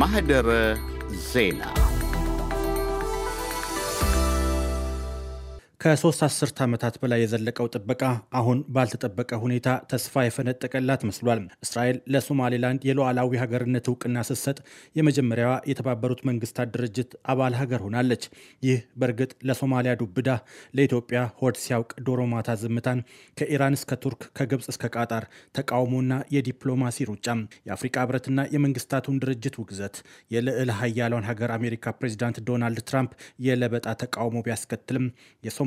ማህደረ ዜና ከሶስት አስርት ዓመታት በላይ የዘለቀው ጥበቃ አሁን ባልተጠበቀ ሁኔታ ተስፋ የፈነጠቀላት መስሏል። እስራኤል ለሶማሌላንድ የሉዓላዊ ሀገርነት እውቅና ስትሰጥ የመጀመሪያዋ የተባበሩት መንግስታት ድርጅት አባል ሀገር ሆናለች። ይህ በእርግጥ ለሶማሊያ ዱብዳ፣ ለኢትዮጵያ ሆድ ሲያውቅ ዶሮ ማታ ዝምታን፣ ከኢራን እስከ ቱርክ፣ ከግብፅ እስከ ቃጣር ተቃውሞና የዲፕሎማሲ ሩጫ፣ የአፍሪቃ ህብረትና የመንግስታቱን ድርጅት ውግዘት፣ የልዕለ ሀያሏን ሀገር አሜሪካ ፕሬዚዳንት ዶናልድ ትራምፕ የለበጣ ተቃውሞ ቢያስከትልም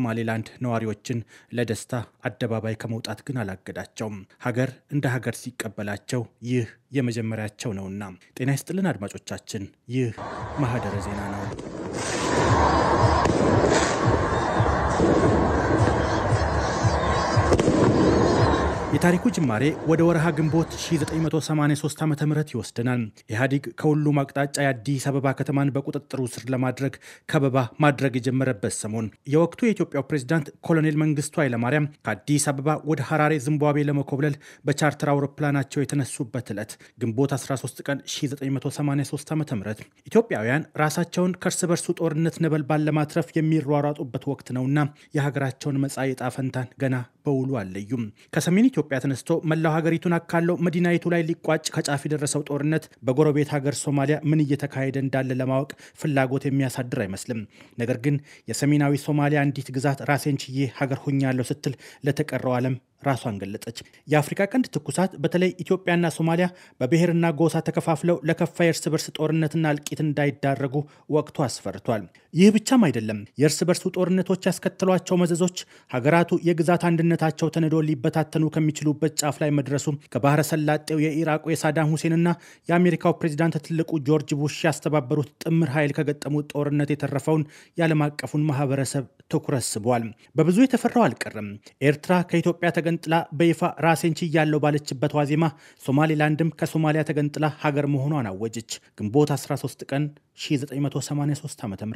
የሶማሌላንድ ነዋሪዎችን ለደስታ አደባባይ ከመውጣት ግን አላገዳቸውም። ሀገር እንደ ሀገር ሲቀበላቸው ይህ የመጀመሪያቸው ነውና። ጤና ይስጥልን አድማጮቻችን፣ ይህ ማህደረ ዜና ነው። የታሪኩ ጅማሬ ወደ ወረሃ ግንቦት 1983 ዓ ም ይወስደናል። ኢህአዲግ ከሁሉም አቅጣጫ የአዲስ አበባ ከተማን በቁጥጥሩ ስር ለማድረግ ከበባ ማድረግ የጀመረበት ሰሞን የወቅቱ የኢትዮጵያው ፕሬዚዳንት ኮሎኔል መንግስቱ ኃይለማርያም ከአዲስ አበባ ወደ ሐራሬ ዚምባብዌ ለመኮብለል በቻርተር አውሮፕላናቸው የተነሱበት ዕለት ግንቦት 13 ቀን 1983 ዓ ም ኢትዮጵያውያን ራሳቸውን ከእርስ በርሱ ጦርነት ነበልባል ለማትረፍ የሚሯሯጡበት ወቅት ነውና የሀገራቸውን መጻኢ ዕጣ ፈንታን ገና በውሉ አለዩም። ከሰሜን ኢትዮ ከኢትዮጵያ ተነስቶ መላው ሀገሪቱን አካለው መዲናይቱ ላይ ሊቋጭ ከጫፍ የደረሰው ጦርነት በጎረቤት ሀገር ሶማሊያ ምን እየተካሄደ እንዳለ ለማወቅ ፍላጎት የሚያሳድር አይመስልም። ነገር ግን የሰሜናዊ ሶማሊያ አንዲት ግዛት ራሴን ችዬ ሀገር ሆኛለሁ ስትል ለተቀረው ዓለም ራሷን ገለጸች። የአፍሪካ ቀንድ ትኩሳት በተለይ ኢትዮጵያና ሶማሊያ በብሔርና ጎሳ ተከፋፍለው ለከፋ የእርስ በርስ ጦርነትና እልቂት እንዳይዳረጉ ወቅቱ አስፈርቷል። ይህ ብቻም አይደለም። የእርስ በርሱ ጦርነቶች ያስከተሏቸው መዘዞች ሀገራቱ የግዛት አንድነታቸው ተንዶ ሊበታተኑ ከሚችሉበት ጫፍ ላይ መድረሱ ከባህረ ሰላጤው የኢራቁ የሳዳም ሁሴንና የአሜሪካው ፕሬዚዳንት ትልቁ ጆርጅ ቡሽ ያስተባበሩት ጥምር ኃይል ከገጠሙት ጦርነት የተረፈውን የዓለም አቀፉን ማህበረሰብ ትኩረት ስቧል። በብዙ የተፈራው አልቀርም። ኤርትራ ከኢትዮጵያ ተገንጥላ በይፋ ራሴን ችያለሁ ባለችበት ዋዜማ ሶማሌላንድም ከሶማሊያ ተገንጥላ ሀገር መሆኗን አወጀች ግንቦት 13 ቀን 1983 ዓ ም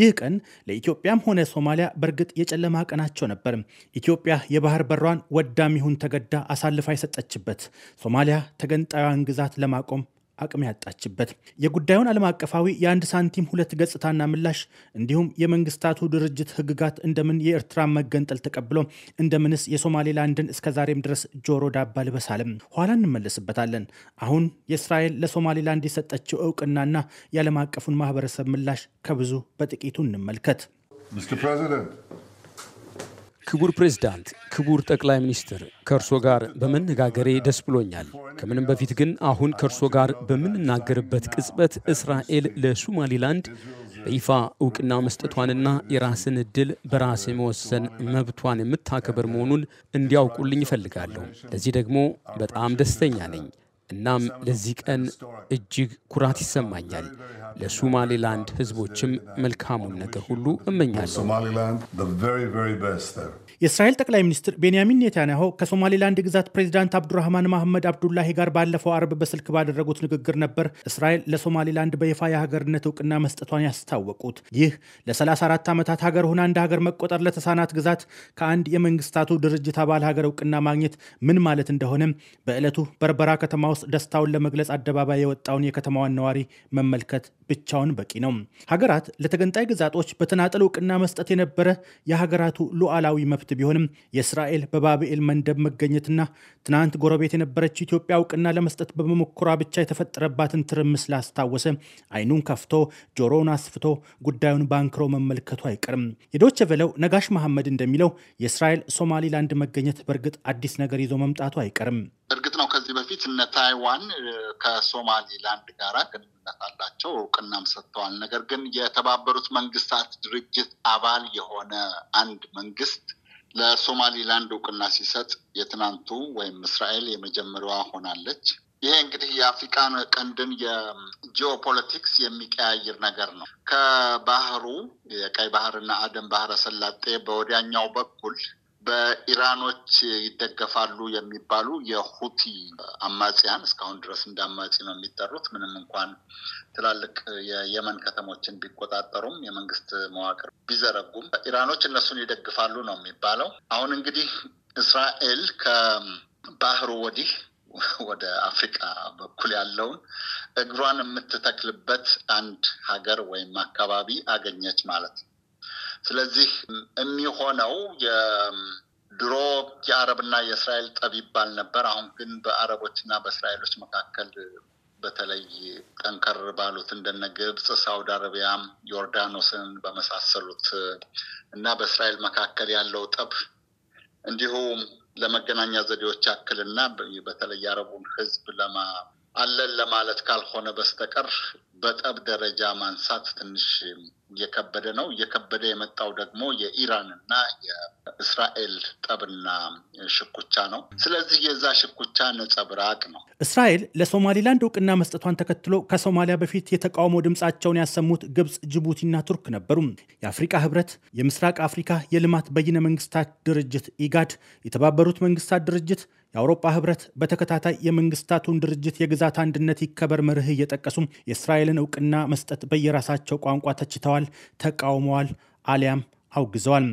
ይህ ቀን ለኢትዮጵያም ሆነ ሶማሊያ በእርግጥ የጨለማ ቀናቸው ነበር። ኢትዮጵያ የባህር በሯን ወዳም ይሁን ተገዳ አሳልፋ የሰጠችበት፣ ሶማሊያ ተገንጣዩን ግዛት ለማቆም አቅም ያጣችበት የጉዳዩን ዓለም አቀፋዊ የአንድ ሳንቲም ሁለት ገጽታና ምላሽ እንዲሁም የመንግስታቱ ድርጅት ህግጋት እንደምን የኤርትራን መገንጠል ተቀብሎ እንደምንስ የሶማሌላንድን እስከ ዛሬም ድረስ ጆሮ ዳባ ልበስ ኋላ እንመለስበታለን። አሁን የእስራኤል ለሶማሌላንድ የሰጠችው እውቅናና የዓለም አቀፉን ማህበረሰብ ምላሽ ከብዙ በጥቂቱ እንመልከት። ክቡር ፕሬዝዳንት፣ ክቡር ጠቅላይ ሚኒስትር፣ ከእርሶ ጋር በመነጋገሬ ደስ ብሎኛል። ከምንም በፊት ግን አሁን ከእርሶ ጋር በምንናገርበት ቅጽበት እስራኤል ለሱማሊላንድ በይፋ እውቅና መስጠቷንና የራስን እድል በራስ የመወሰን መብቷን የምታከብር መሆኑን እንዲያውቁልኝ እፈልጋለሁ። ለዚህ ደግሞ በጣም ደስተኛ ነኝ። እናም ለዚህ ቀን እጅግ ኩራት ይሰማኛል። ለሶማሌላንድ ህዝቦችም መልካሙን ነገር ሁሉ እመኛለሁ። የእስራኤል ጠቅላይ ሚኒስትር ቤንያሚን ኔታንያሁ ከሶማሌላንድ ግዛት ፕሬዚዳንት አብዱራህማን መሐመድ አብዱላሂ ጋር ባለፈው አርብ በስልክ ባደረጉት ንግግር ነበር እስራኤል ለሶማሌላንድ በይፋ የሀገርነት እውቅና መስጠቷን ያስታወቁት። ይህ ለ34 ዓመታት ሀገር ሆና እንደ ሀገር መቆጠር ለተሳናት ግዛት ከአንድ የመንግስታቱ ድርጅት አባል ሀገር እውቅና ማግኘት ምን ማለት እንደሆነም በዕለቱ በርበራ ከተማ ውስጥ ደስታውን ለመግለጽ አደባባይ የወጣውን የከተማዋን ነዋሪ መመልከት ብቻውን በቂ ነው። ሀገራት ለተገንጣይ ግዛቶች በተናጠል እውቅና መስጠት የነበረ የሀገራቱ ሉዓላዊ መብት ወቅት ቢሆንም የእስራኤል በባብኤል መንደብ መገኘትና ትናንት ጎረቤት የነበረች ኢትዮጵያ እውቅና ለመስጠት በመሞከሯ ብቻ የተፈጠረባትን ትርምስ ላስታወሰ አይኑን ከፍቶ ጆሮውን አስፍቶ ጉዳዩን በአንክሮ መመልከቱ አይቀርም። የዶቼ ቬለው ነጋሽ መሐመድ እንደሚለው የእስራኤል ሶማሊላንድ መገኘት በእርግጥ አዲስ ነገር ይዞ መምጣቱ አይቀርም። እርግጥ ነው ከዚህ በፊት እነ ታይዋን ከሶማሊላንድ ጋራ ግንኙነት አላቸው፣ እውቅናም ሰጥተዋል። ነገር ግን የተባበሩት መንግስታት ድርጅት አባል የሆነ አንድ መንግስት ለሶማሊላንድ እውቅና ሲሰጥ የትናንቱ ወይም እስራኤል የመጀመሪያዋ ሆናለች። ይሄ እንግዲህ የአፍሪካን ቀንድን የጂኦፖለቲክስ የሚቀያይር ነገር ነው። ከባህሩ የቀይ ባህርና አደን ባህረ ሰላጤ በወዲያኛው በኩል በኢራኖች ይደገፋሉ የሚባሉ የሁቲ አማጽያን እስካሁን ድረስ እንደ አማጺ ነው የሚጠሩት። ምንም እንኳን ትላልቅ የየመን ከተሞችን ቢቆጣጠሩም የመንግስት መዋቅር ቢዘረጉም ኢራኖች እነሱን ይደግፋሉ ነው የሚባለው። አሁን እንግዲህ እስራኤል ከባህሩ ወዲህ ወደ አፍሪካ በኩል ያለውን እግሯን የምትተክልበት አንድ ሀገር ወይም አካባቢ አገኘች ማለት ነው። ስለዚህ የሚሆነው ድሮ የአረብና የእስራኤል ጠብ ይባል ነበር። አሁን ግን በአረቦችና በእስራኤሎች መካከል በተለይ ጠንከር ባሉት እንደነ ግብፅ፣ ሳውዲ አረቢያ፣ ዮርዳኖስን በመሳሰሉት እና በእስራኤል መካከል ያለው ጠብ እንዲሁ ለመገናኛ ዘዴዎች ያክልና በተለይ የአረቡን ሕዝብ አለን ለማለት ካልሆነ በስተቀር በጠብ ደረጃ ማንሳት ትንሽ እየከበደ ነው። እየከበደ የመጣው ደግሞ የኢራን እና የእስራኤል ጠብና ሽኩቻ ነው። ስለዚህ የዛ ሽኩቻ ነጸብራቅ ነው። እስራኤል ለሶማሊላንድ እውቅና መስጠቷን ተከትሎ ከሶማሊያ በፊት የተቃውሞ ድምፃቸውን ያሰሙት ግብፅ፣ ጅቡቲና ቱርክ ነበሩ። የአፍሪካ ህብረት፣ የምስራቅ አፍሪካ የልማት በይነ መንግስታት ድርጅት ኢጋድ፣ የተባበሩት መንግስታት ድርጅት የአውሮፓ ህብረት በተከታታይ የመንግስታቱን ድርጅት የግዛት አንድነት ይከበር መርህ እየጠቀሱም የእስራኤልን እውቅና መስጠት በየራሳቸው ቋንቋ ተችተዋል፣ ተቃውመዋል፣ አሊያም አውግዘዋል።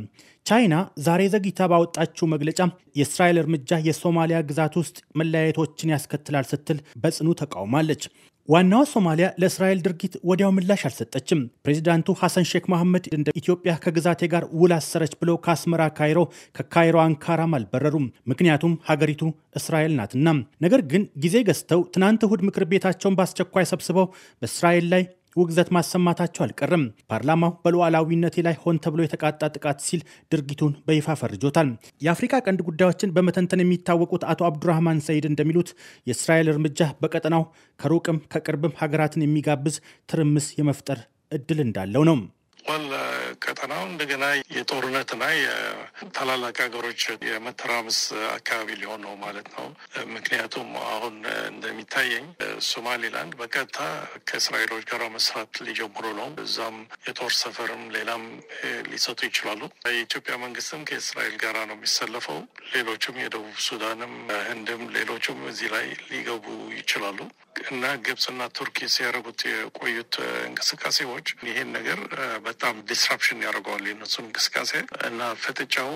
ቻይና ዛሬ ዘግይታ ባወጣችው መግለጫ የእስራኤል እርምጃ የሶማሊያ ግዛት ውስጥ መለያየቶችን ያስከትላል ስትል በጽኑ ተቃውማለች። ዋናዋ ሶማሊያ ለእስራኤል ድርጊት ወዲያው ምላሽ አልሰጠችም። ፕሬዚዳንቱ ሐሰን ሼክ መሐመድ እንደ ኢትዮጵያ ከግዛቴ ጋር ውል አሰረች ብለው ከአስመራ ካይሮ፣ ከካይሮ አንካራም አልበረሩም። ምክንያቱም ሀገሪቱ እስራኤል ናትና። ነገር ግን ጊዜ ገዝተው ትናንት እሁድ ምክር ቤታቸውን በአስቸኳይ ሰብስበው በእስራኤል ላይ ውግዘት ማሰማታቸው አልቀርም። ፓርላማው በሉዓላዊነቴ ላይ ሆን ተብሎ የተቃጣ ጥቃት ሲል ድርጊቱን በይፋ ፈርጆታል። የአፍሪካ ቀንድ ጉዳዮችን በመተንተን የሚታወቁት አቶ አብዱራህማን ሰይድ እንደሚሉት የእስራኤል እርምጃ በቀጠናው ከሩቅም ከቅርብም ሀገራትን የሚጋብዝ ትርምስ የመፍጠር እድል እንዳለው ነው። uh, ቀጠናው እንደገና የጦርነትና የታላላቅ ሀገሮች የመተራመስ አካባቢ ሊሆን ነው ማለት ነው። ምክንያቱም አሁን እንደሚታየኝ ሶማሌላንድ በቀጥታ ከእስራኤሎች ጋር መስራት ሊጀምሩ ነው። እዛም የጦር ሰፈርም ሌላም ሊሰጡ ይችላሉ። የኢትዮጵያ መንግስትም ከእስራኤል ጋር ነው የሚሰለፈው። ሌሎችም የደቡብ ሱዳንም፣ ህንድም ሌሎችም እዚህ ላይ ሊገቡ ይችላሉ እና ግብጽና ቱርኪ ሲያደርጉት የቆዩት እንቅስቃሴዎች ይሄን ነገር በጣም ዲስራፕ ኢንተርፕሽን ያደርገዋል የነሱን እንቅስቃሴ እና ፍጥጫው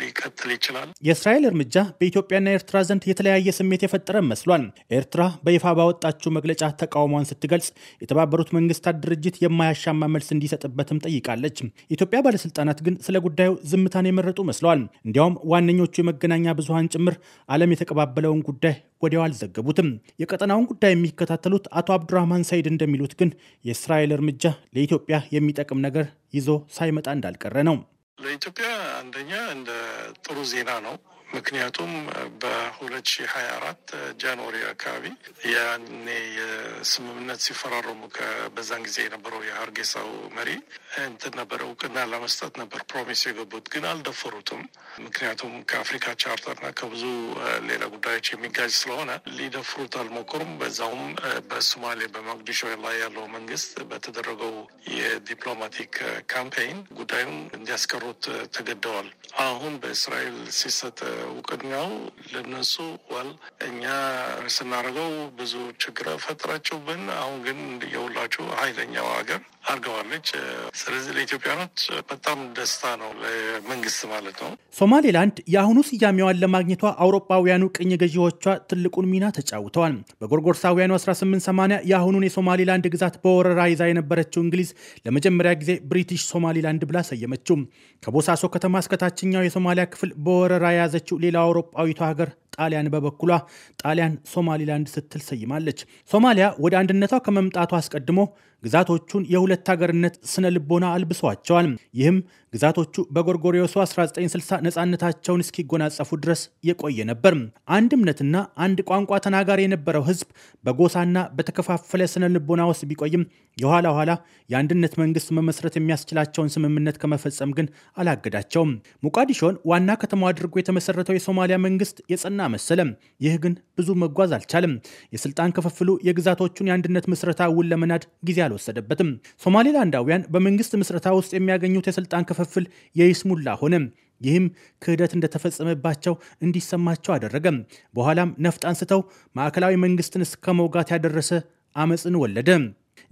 ሊከትል ይችላል። የእስራኤል እርምጃ በኢትዮጵያና ኤርትራ ዘንድ የተለያየ ስሜት የፈጠረ መስሏል። ኤርትራ በይፋ ባወጣችው መግለጫ ተቃውሟን ስትገልጽ የተባበሩት መንግስታት ድርጅት የማያሻማ መልስ እንዲሰጥበትም ጠይቃለች። ኢትዮጵያ ባለስልጣናት ግን ስለ ጉዳዩ ዝምታን የመረጡ መስለዋል። እንዲያውም ዋነኞቹ የመገናኛ ብዙሀን ጭምር ዓለም የተቀባበለውን ጉዳይ ወዲያው አልዘገቡትም። የቀጠናውን ጉዳይ የሚከታተሉት አቶ አብዱራህማን ሰይድ እንደሚሉት ግን የእስራኤል እርምጃ ለኢትዮጵያ የሚጠቅም ነገር ይዞ ሳይመጣ እንዳልቀረ ነው። ለኢትዮጵያ አንደኛ እንደ ጥሩ ዜና ነው። ምክንያቱም በ2024 ጃንዋሪ አካባቢ ያኔ የስምምነት ሲፈራረሙ በዛን ጊዜ የነበረው የሀርጌሳው መሪ እንትን ነበረ እውቅና ለመስጠት ነበር ፕሮሚስ የገቡት፣ ግን አልደፈሩትም። ምክንያቱም ከአፍሪካ ቻርተርና ከብዙ ሌላ ጉዳዮች የሚጋጅ ስለሆነ ሊደፍሩት አልሞከሩም። በዛውም በሶማሌ በሞቃዲሾ ላይ ያለው መንግስት በተደረገው የዲፕሎማቲክ ካምፔይን ጉዳዩን እንዲያስቀሩት ተገደዋል። አሁን በእስራኤል ሲሰጥ ያው ለነሱ ዋል እኛ ስናደርገው ብዙ ችግር ፈጥራችሁብን፣ አሁን ግን የሁላችሁ ሀይለኛው ሀገር አድርገዋለች። ስለዚህ ለኢትዮጵያኖች በጣም ደስታ ነው፣ ለመንግስት ማለት ነው። ሶማሌላንድ የአሁኑ ስያሜዋን ለማግኘቷ አውሮፓውያኑ ቅኝ ገዢዎቿ ትልቁን ሚና ተጫውተዋል። በጎርጎርሳውያኑ 1880 የአሁኑን የሶማሌላንድ ግዛት በወረራ ይዛ የነበረችው እንግሊዝ ለመጀመሪያ ጊዜ ብሪቲሽ ሶማሌላንድ ብላ ሰየመችው። ከቦሳሶ ከተማ እስከ ታችኛው የሶማሊያ ክፍል በወረራ የያዘች የሆነችው ሌላ አውሮፓዊቷ ሀገር ጣሊያን በበኩሏ ጣሊያን ሶማሊላንድ ስትል ሰይማለች። ሶማሊያ ወደ አንድነቷ ከመምጣቷ አስቀድሞ ግዛቶቹን የሁለት ሀገርነት ስነ ልቦና አልብሰዋቸዋል። ይህም ግዛቶቹ በጎርጎሪዮሱ 1960 ነፃነታቸውን እስኪጎናጸፉ ድረስ የቆየ ነበር። አንድ እምነትና አንድ ቋንቋ ተናጋሪ የነበረው ህዝብ በጎሳና በተከፋፈለ ስነ ልቦና ውስጥ ቢቆይም የኋላ ኋላ የአንድነት መንግስት መመስረት የሚያስችላቸውን ስምምነት ከመፈጸም ግን አላገዳቸውም። ሞቃዲሾን ዋና ከተማ አድርጎ የተመሰረተው የሶማሊያ መንግስት የጸና መሰለም። ይህ ግን ብዙ መጓዝ አልቻለም። የስልጣን ክፍፍሉ የግዛቶቹን የአንድነት ምስረታ ውል ለመናድ ጊዜ አልወሰደበትም። ሶማሌላንዳውያን በመንግስት ምስረታ ውስጥ የሚያገኙት የስልጣን ክፍፍል የይስሙላ ሆነ። ይህም ክህደት እንደተፈጸመባቸው እንዲሰማቸው አደረገም። በኋላም ነፍጥ አንስተው ማዕከላዊ መንግስትን እስከ መውጋት ያደረሰ አመፅን ወለደ።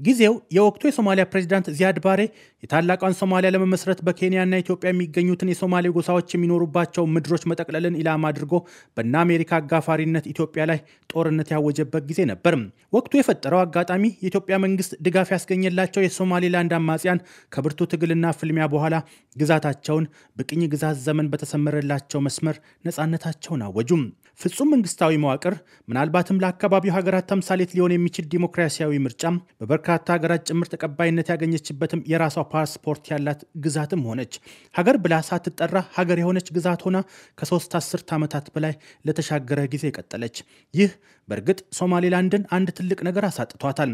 ጊዜው የወቅቱ የሶማሊያ ፕሬዚዳንት ዚያድ ባሬ የታላቋን ሶማሊያ ለመመስረት በኬንያና ኢትዮጵያ የሚገኙትን የሶማሌ ጎሳዎች የሚኖሩባቸው ምድሮች መጠቅለልን ኢላማ አድርጎ በእነ አሜሪካ አጋፋሪነት ኢትዮጵያ ላይ ጦርነት ያወጀበት ጊዜ ነበር። ወቅቱ የፈጠረው አጋጣሚ የኢትዮጵያ መንግስት ድጋፍ ያስገኘላቸው የሶማሌላንድ አማጽያን ከብርቱ ትግልና ፍልሚያ በኋላ ግዛታቸውን በቅኝ ግዛት ዘመን በተሰመረላቸው መስመር ነፃነታቸውን አወጁም። ፍጹም መንግስታዊ መዋቅር ምናልባትም ለአካባቢው ሀገራት ተምሳሌት ሊሆን የሚችል ዲሞክራሲያዊ ምርጫ በበርካ በበርካታ ሀገራት ጭምር ተቀባይነት ያገኘችበትም የራሷ ፓስፖርት ያላት ግዛትም ሆነች። ሀገር ብላ ሳትጠራ ሀገር የሆነች ግዛት ሆና ከሶስት አስርት ዓመታት በላይ ለተሻገረ ጊዜ ቀጠለች። ይህ በእርግጥ ሶማሌላንድን አንድ ትልቅ ነገር አሳጥቷታል፣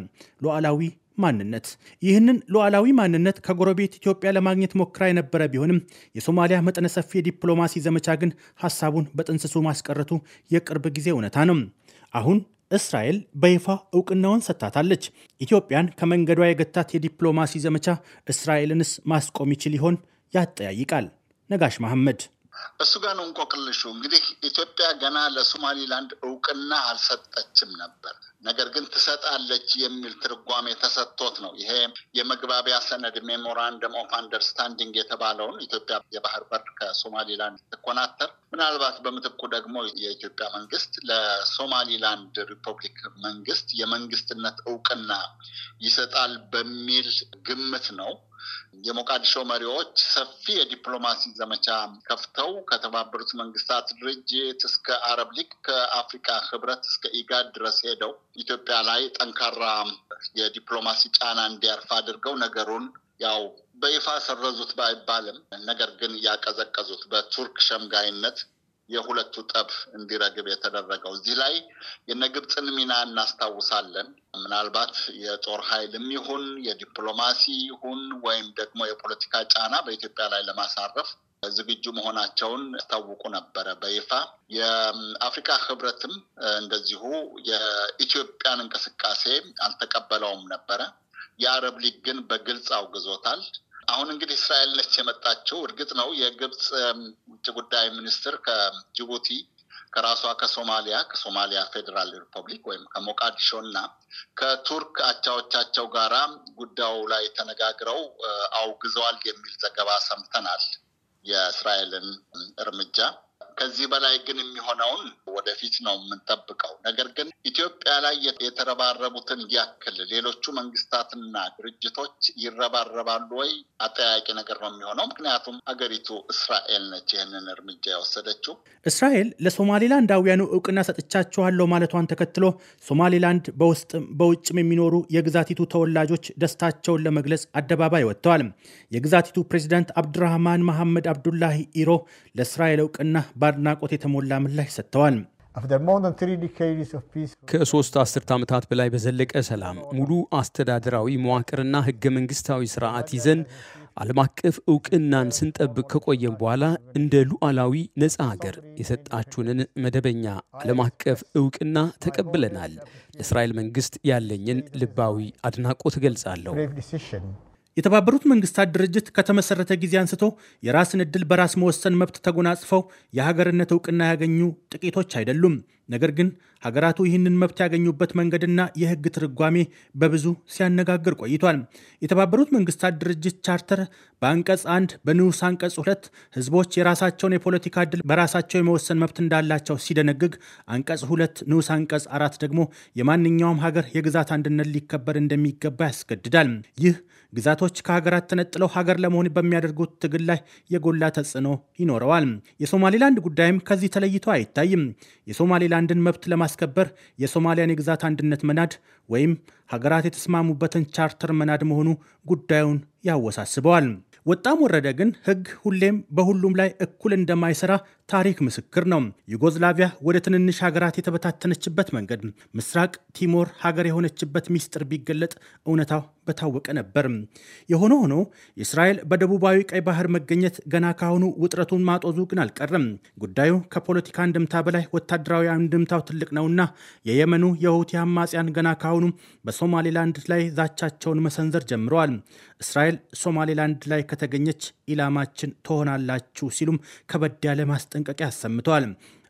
ሉዓላዊ ማንነት። ይህንን ሉዓላዊ ማንነት ከጎረቤት ኢትዮጵያ ለማግኘት ሞክራ የነበረ ቢሆንም የሶማሊያ መጠነ ሰፊ የዲፕሎማሲ ዘመቻ ግን ሀሳቡን በጥንስሱ ማስቀረቱ የቅርብ ጊዜ እውነታ ነው። አሁን እስራኤል በይፋ እውቅናውን ሰጥታታለች። ኢትዮጵያን ከመንገዷ የገታት የዲፕሎማሲ ዘመቻ እስራኤልንስ ማስቆም ይችል ይሆን? ያጠያይቃል። ነጋሽ መሐመድ እሱ ጋር ነው እንቆቅልሹ። እንግዲህ ኢትዮጵያ ገና ለሶማሊላንድ እውቅና አልሰጠችም ነበር ነገር ግን ትሰጣለች የሚል ትርጓሜ ተሰጥቶት ነው። ይሄ የመግባቢያ ሰነድ ሜሞራንደም ኦፍ አንደርስታንዲንግ የተባለውን ኢትዮጵያ የባህር በር ከሶማሊላንድ ትኮናተር፣ ምናልባት በምትኩ ደግሞ የኢትዮጵያ መንግስት ለሶማሊላንድ ሪፐብሊክ መንግስት የመንግስትነት እውቅና ይሰጣል በሚል ግምት ነው። የሞቃዲሾ መሪዎች ሰፊ የዲፕሎማሲ ዘመቻ ከፍተው ከተባበሩት መንግስታት ድርጅት እስከ አረብ ሊግ ከአፍሪካ ህብረት እስከ ኢጋድ ድረስ ሄደው ኢትዮጵያ ላይ ጠንካራ የዲፕሎማሲ ጫና እንዲያርፍ አድርገው ነገሩን ያው በይፋ ሰረዙት ባይባልም ነገር ግን ያቀዘቀዙት በቱርክ ሸምጋይነት የሁለቱ ጠብ እንዲረግብ የተደረገው እዚህ ላይ የነግብፅን ሚና እናስታውሳለን። ምናልባት የጦር ኃይልም ይሁን የዲፕሎማሲ ይሁን ወይም ደግሞ የፖለቲካ ጫና በኢትዮጵያ ላይ ለማሳረፍ ዝግጁ መሆናቸውን ያስታውቁ ነበረ በይፋ። የአፍሪካ ህብረትም እንደዚሁ የኢትዮጵያን እንቅስቃሴ አልተቀበለውም ነበረ። የአረብ ሊግ ግን በግልጽ አውግዞታል። አሁን እንግዲህ እስራኤል ነች የመጣችው። እርግጥ ነው የግብፅ ውጭ ጉዳይ ሚኒስትር ከጅቡቲ ከራሷ ከሶማሊያ ከሶማሊያ ፌዴራል ሪፐብሊክ ወይም ከሞቃዲሾ እና ከቱርክ አቻዎቻቸው ጋራ ጉዳዩ ላይ ተነጋግረው አውግዘዋል የሚል ዘገባ ሰምተናል። የእስራኤልን እርምጃ ከዚህ በላይ ግን የሚሆነውን ወደፊት ነው የምንጠብቀው። ነገር ግን ኢትዮጵያ ላይ የተረባረቡትን ያክል ሌሎቹ መንግስታትና ድርጅቶች ይረባረባሉ ወይ? አጠያቂ ነገር ነው የሚሆነው። ምክንያቱም አገሪቱ እስራኤል ነች ይህንን እርምጃ የወሰደችው። እስራኤል ለሶማሌላንዳውያኑ እውቅና ሰጥቻችኋለሁ ማለቷን ተከትሎ ሶማሌላንድ በውስጥም በውጭም የሚኖሩ የግዛቲቱ ተወላጆች ደስታቸውን ለመግለጽ አደባባይ ወጥተዋል። የግዛቲቱ ፕሬዚዳንት አብዱራህማን መሐመድ አብዱላሂ ኢሮ ለእስራኤል እውቅና በአድናቆት የተሞላ ምላሽ ሰጥተዋል። ከሶስት አስርት ዓመታት በላይ በዘለቀ ሰላም ሙሉ አስተዳደራዊ መዋቅርና ህገ መንግስታዊ ስርዓት ይዘን ዓለም አቀፍ እውቅናን ስንጠብቅ ከቆየም በኋላ እንደ ሉዓላዊ ነፃ ሀገር የሰጣችሁንን መደበኛ ዓለም አቀፍ እውቅና ተቀብለናል። ለእስራኤል መንግስት ያለኝን ልባዊ አድናቆት እገልጻለሁ። የተባበሩት መንግስታት ድርጅት ከተመሰረተ ጊዜ አንስቶ የራስን ዕድል በራስ መወሰን መብት ተጎናጽፈው የሀገርነት እውቅና ያገኙ ጥቂቶች አይደሉም። ነገር ግን ሀገራቱ ይህንን መብት ያገኙበት መንገድና የህግ ትርጓሜ በብዙ ሲያነጋግር ቆይቷል። የተባበሩት መንግስታት ድርጅት ቻርተር በአንቀጽ አንድ በንዑስ አንቀጽ ሁለት ህዝቦች የራሳቸውን የፖለቲካ እድል በራሳቸው የመወሰን መብት እንዳላቸው ሲደነግግ፣ አንቀጽ ሁለት ንዑስ አንቀጽ አራት ደግሞ የማንኛውም ሀገር የግዛት አንድነት ሊከበር እንደሚገባ ያስገድዳል። ይህ ግዛቶች ከሀገራት ተነጥለው ሀገር ለመሆን በሚያደርጉት ትግል ላይ የጎላ ተጽዕኖ ይኖረዋል። የሶማሌላንድ ጉዳይም ከዚህ ተለይቶ አይታይም። የሶማሌላንድን መብት ለማ ማስከበር የሶማሊያን የግዛት አንድነት መናድ ወይም ሀገራት የተስማሙበትን ቻርተር መናድ መሆኑ ጉዳዩን ያወሳስበዋል። ወጣም ወረደ ግን ህግ ሁሌም በሁሉም ላይ እኩል እንደማይሰራ ታሪክ ምስክር ነው። ዩጎዝላቪያ ወደ ትንንሽ ሀገራት የተበታተነችበት መንገድ፣ ምስራቅ ቲሞር ሀገር የሆነችበት ሚስጥር ቢገለጥ እውነታው በታወቀ ነበር። የሆነ ሆኖ እስራኤል በደቡባዊ ቀይ ባህር መገኘት ገና ካሁኑ ውጥረቱን ማጦዙ ግን አልቀረም። ጉዳዩ ከፖለቲካ አንድምታ በላይ ወታደራዊ አንድምታው ትልቅ ነውና የየመኑ የሁቲ አማጽያን ገና ካሁኑ በሶማሌላንድ ላይ ዛቻቸውን መሰንዘር ጀምረዋል። እስራኤል ሶማሌላንድ ላይ ከተገኘች ኢላማችን ትሆናላችሁ ሲሉም ከበድ ያለ ማስጠንቀቂያ አሰምተዋል።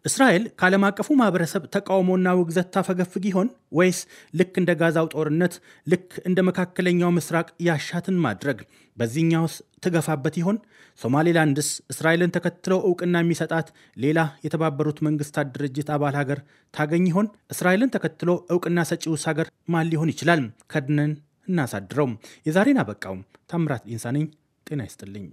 እስራኤል ከዓለም አቀፉ ማህበረሰብ ተቃውሞና ውግዘት ታፈገፍግ ይሆን ወይስ ልክ እንደ ጋዛው ጦርነት ልክ እንደ መካከለኛው ምስራቅ ያሻትን ማድረግ በዚህኛውስ ትገፋበት ይሆን? ሶማሌላንድስ እስራኤልን ተከትለው እውቅና የሚሰጣት ሌላ የተባበሩት መንግስታት ድርጅት አባል ሀገር ታገኝ ይሆን? እስራኤልን ተከትሎ እውቅና ሰጪውስ ሀገር ማን ሊሆን ይችላል? ከድነን እናሳድረው። የዛሬን አበቃውም። ታምራት ኢንሳ ነኝ። ጤና ይስጥልኝ።